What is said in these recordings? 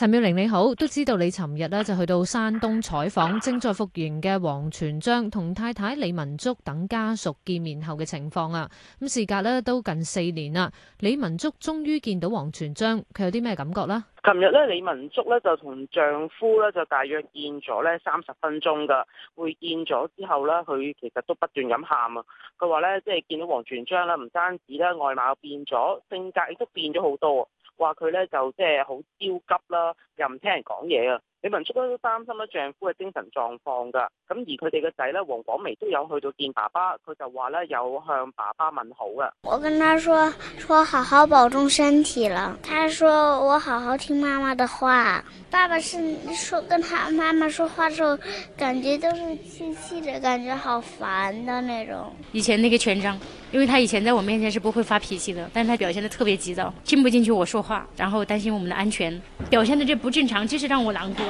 陳妙玲你好，都知道你尋日咧就去到山東採訪正在復原嘅王全璋同太太李文足等家屬見面後嘅情況啊，咁事隔呢都近四年啦，李文足終於見到王全璋，佢有啲咩感覺呢？琴日咧李文足咧就同丈夫咧就大約見咗咧三十分鐘噶，會見咗之後咧佢其實都不斷咁喊啊，佢話咧即係見到王全璋啦，唔單止啦外貌變咗，性格亦都變咗好多。話佢咧就即係好焦急啦，又唔聽人講嘢啊！你文足都擔心咧丈夫嘅精神狀況噶，咁而佢哋嘅仔咧黃廣梅都有去到見爸爸，佢就話咧有向爸爸問好噶。我跟他說說好好保重身體了，他說我好好聽媽媽的話。爸爸是說跟他媽媽說話的時候，感覺都是氣氣的感覺，好煩的那種。以前那個權章，因為他以前在我面前是不會發脾氣的，但他表現得特別急躁，聽不進去我說話，然後擔心我們的安全，表現得就不正常，就是讓我難過。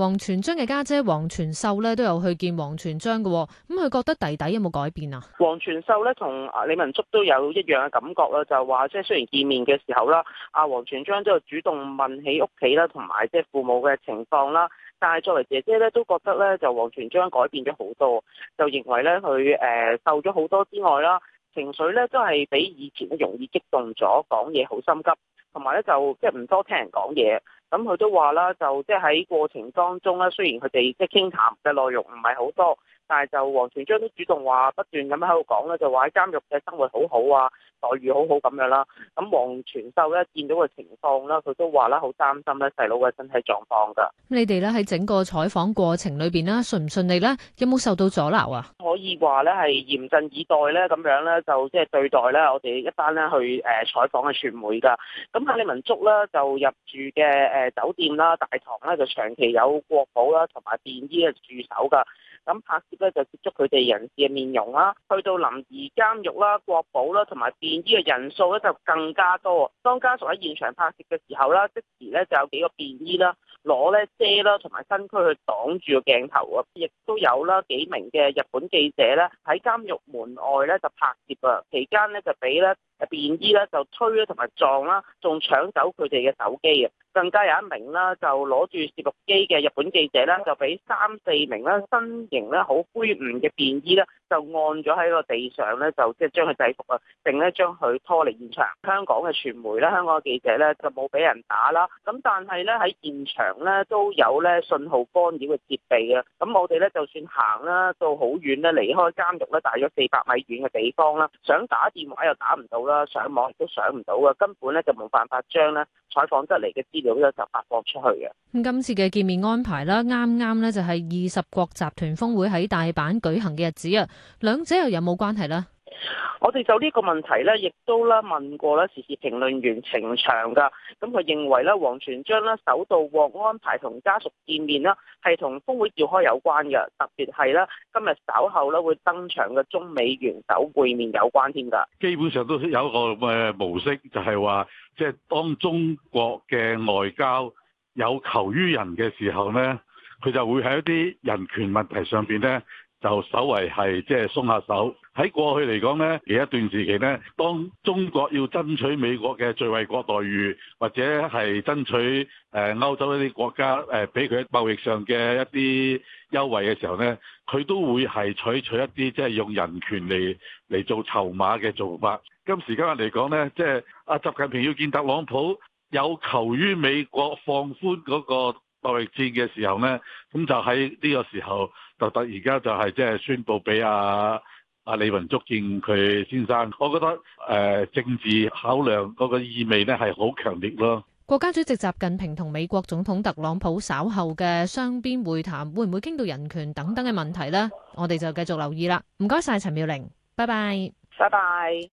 黃全章嘅家姐王全秀咧都有去見王全璋嘅，咁佢覺得弟弟有冇改變啊？王全秀咧同阿李文足都有一樣嘅感覺啦，就話即係雖然見面嘅時候啦，阿王全璋都係主動問起屋企啦，同埋即係父母嘅情況啦，但係作為姐姐咧，都覺得咧就王全璋改變咗好多，就認為咧佢誒瘦咗好多之外啦，情緒咧都係比以前容易激動咗，講嘢好心急，同埋咧就即係唔多聽人講嘢。咁佢都話啦，就即係喺過程當中咧，雖然佢哋即係傾談嘅內容唔係好多。但係就王全璋都主動話不斷咁喺度講咧，就話喺監獄嘅生活好好啊，待遇好好咁樣啦。咁王全秀咧見到嘅情況啦，佢都話啦：「好擔心咧細佬嘅身體狀況㗎。」你哋咧喺整個採訪過程裏邊啦，順唔順利咧？有冇受到阻撓啊？可以話咧係嚴陣以待咧咁樣咧，就即係對待咧我哋一班咧去誒採訪嘅傳媒㗎。咁阿李文足咧就入住嘅誒酒店啦，大堂啦，就長期有國保啦同埋便衣嘅駐守㗎。咁拍攝咧就接觸佢哋人士嘅面容啦，去到臨沂監獄啦，國保啦同埋便衣嘅人數咧就更加多。當家屬喺現場拍攝嘅時候啦，即時咧就有幾個便衣啦攞咧遮啦同埋身軀去擋住個鏡頭啊，亦都有啦幾名嘅日本記者咧喺監獄門外咧就拍攝啊，期間咧就俾咧。便衣咧就推咧同埋撞啦，仲搶走佢哋嘅手機啊！更加有一名啦，就攞住攝錄機嘅日本記者咧，就俾三四名啦身形咧好魁梧嘅便衣咧，就按咗喺個地上咧，就即係將佢制服啊，定咧將佢拖離現場。香港嘅傳媒咧，香港嘅記者咧就冇俾人打啦。咁但係咧喺現場咧都有咧信號干擾嘅設備啊。咁我哋咧就算行啦到好遠咧，離開監獄咧大約四百米遠嘅地方啦，想打電話又打唔到啦。上網亦都上唔到㗎，根本咧就冇辦法將咧採訪得嚟嘅資料咧就發放出去嘅。今次嘅見面安排啦，啱啱咧就係二十國集團峰會喺大阪舉行嘅日子啊，兩者又有冇關係呢？我哋就呢個問題咧，亦都啦問過啦時事評論員程翔㗎，咁佢認為咧，王全璋啦首度獲安排同家屬見面啦，係同峰會召開有關嘅，特別係啦今日稍後咧會登場嘅中美元首會面有關添㗎。基本上都有一個誒模式，就係話即係當中國嘅外交有求於人嘅時候咧，佢就會喺一啲人權問題上邊咧。就稍為係即係鬆下手，喺過去嚟講咧，而一段時期咧，當中國要爭取美國嘅最惠國待遇，或者係爭取誒歐洲一啲國家誒俾佢貿易上嘅一啲優惠嘅時候咧，佢都會係採取,取一啲即係用人權嚟嚟做籌碼嘅做法。今時今日嚟講咧，即係阿習近平要見特朗普，有求於美國放寬嗰、嗰個。貿易戰嘅時候呢，咁就喺呢個時候特特而家就係即係宣布俾阿阿李文足見佢先生。我覺得誒，政治考量嗰個意味呢係好強烈咯。國家主席習近平同美國總統特朗普稍後嘅雙邊會談，會唔會傾到人權等等嘅問題呢？我哋就繼續留意啦。唔該晒陳妙玲，拜拜，拜拜。